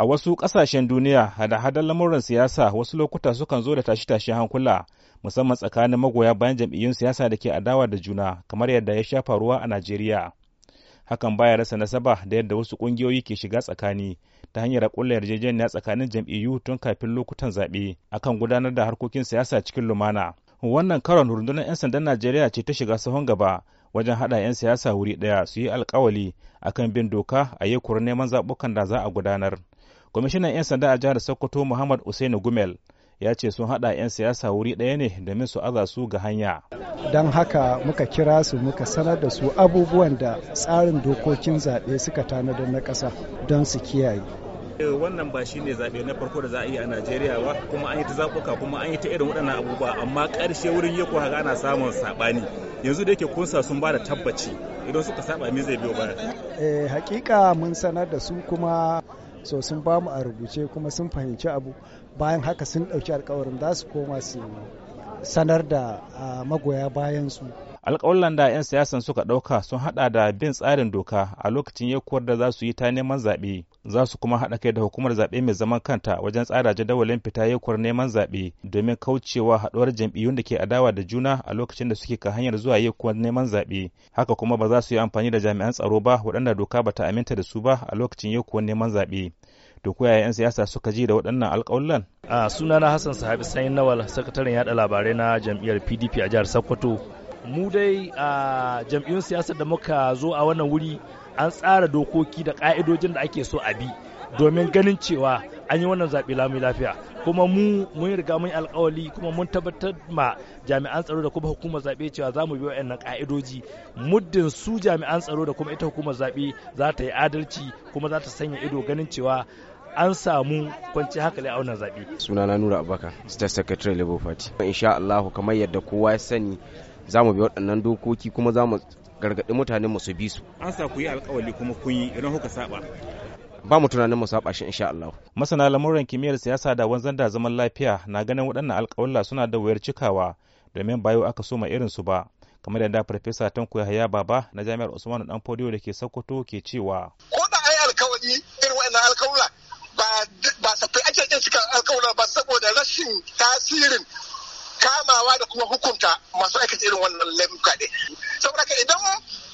A wasu ƙasashen duniya, hada-hadar lamuran siyasa wasu lokuta sukan zo da tashi-tashi hankula, musamman tsakanin magoya bayan jam'iyyun siyasa da ke adawa da juna, kamar yadda ya sha faruwa a Najeriya. Hakan baya rasa nasaba da yadda wasu ƙungiyoyi ke shiga tsakani ta hanyar ƙulla yarjejeniya tsakanin jam'iyyu tun kafin lokutan zaɓe akan gudanar da harkokin siyasa cikin lumana. Wannan karon rundunar 'yan sandan Najeriya ce ta shiga sahun gaba wajen hada 'yan siyasa wuri daya su yi alkawali akan bin doka a yekuwar neman zaɓukan da za a gudanar. Kwamishinan 'yan sanda a jihar Sokoto Muhammad Usainu Gumel ya ce sun hada 'yan siyasa wuri daya ne domin su aza su ga hanya. Don haka muka kira su muka sanar da su abubuwan da tsarin dokokin zaɓe suka tanadar na ƙasa don su kiyaye. Eh, wannan ba shi ne zaɓe na farko da za a yi a najeriya ba kuma an yi ta zaɓuka kuma an yi ta irin waɗannan abubuwa amma ƙarshe wurin yaku haka ana samun saɓani yanzu da yake kunsa sun ba da tabbaci idan suka saba me zai biyo baya eh hakika mun sanar da su kuma so sun ba mu a rubuce kuma sun fahimci abu bayan haka sun ɗauki alkawarin za su koma su sanar da ah, magoya bayan su alƙawallan da 'yan siyasan suka ɗauka sun haɗa da bin tsarin doka a lokacin yakuwar da za su yi ta neman zaɓe za su kuma haɗa kai da hukumar zaɓe mai zaman kanta wajen tsara jadawalin fita yakuwar neman zaɓe domin kaucewa haɗuwar jam'iyyun da ke adawa da juna a lokacin da suke ka hanyar zuwa yakuwar neman zaɓe haka kuma ba za su yi amfani da jami'an tsaro ba waɗanda doka ba ta aminta da su ba a lokacin yakuwar neman zaɓe to ko 'yan siyasa suka ji da waɗannan alƙawallan a sunana hassan sahabi sayin nawal sakataren yada labarai na jam'iyyar pdp a jihar sokoto mu dai a jam'iyyun siyasar da muka zo a wannan wuri an tsara dokoki da ka'idojin da ake so a bi domin ganin cewa an yi wannan zaɓe lamu lafiya kuma mu mun riga mun alkawali kuma mun tabbatar ma jami'an tsaro da kuma hukumar zaɓe cewa za mu bi wa'annan ka'idoji muddin su jami'an tsaro da kuma ita hukumar zaɓe za ta yi adalci kuma za ta sanya ido ganin cewa an samu kwanci hankali a wannan zaɓe. sunana nura abubakar state secretary labour party insha allahu kamar yadda kowa ya sani za mu bi waɗannan dokoki kuma za mu gargaɗi mutane su bi su an sa ku yi alkawali kuma kun yi idan kuka saba ba mu tunanin mu saba shi insha Allah masana lamuran kimiyyar siyasa da wanzan da zaman lafiya na ganin waɗannan alkawalla suna da wayar cikawa domin bayo aka soma irin su ba kamar da da farfesa Tanko Yahaya Baba na Jami'ar Usmanu Danfodiyo da ke Sokoto ke cewa ko da ai alkawali irin waɗannan alkawalla kamawa da kuma hukunta masu aikata irin wannan laifuka ne saboda ka idan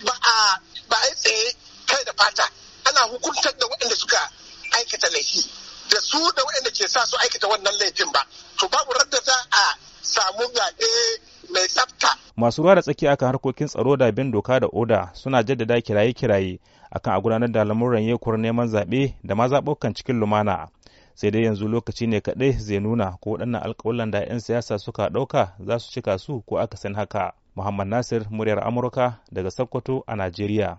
ba a ba a yi tsaye kai da fata ana hukuntar da waɗanda suka aikata laifi da su da waɗanda ke sa su aikata wannan laifin ba to babu radda za a samu zaɓe mai tsafta masu ruwa da tsaki akan harkokin tsaro da bin doka da oda suna jaddada kiraye-kiraye akan a gudanar da lamuran yekuwar neman zaɓe da ma zaɓukan cikin lumana sai dai yanzu lokaci ne kaɗai zai nuna ko waɗannan alƙawallan da 'yan siyasa suka ɗauka za su cika su ko aka san haka muhammad nasir muryar amurka daga sokoto a najeriya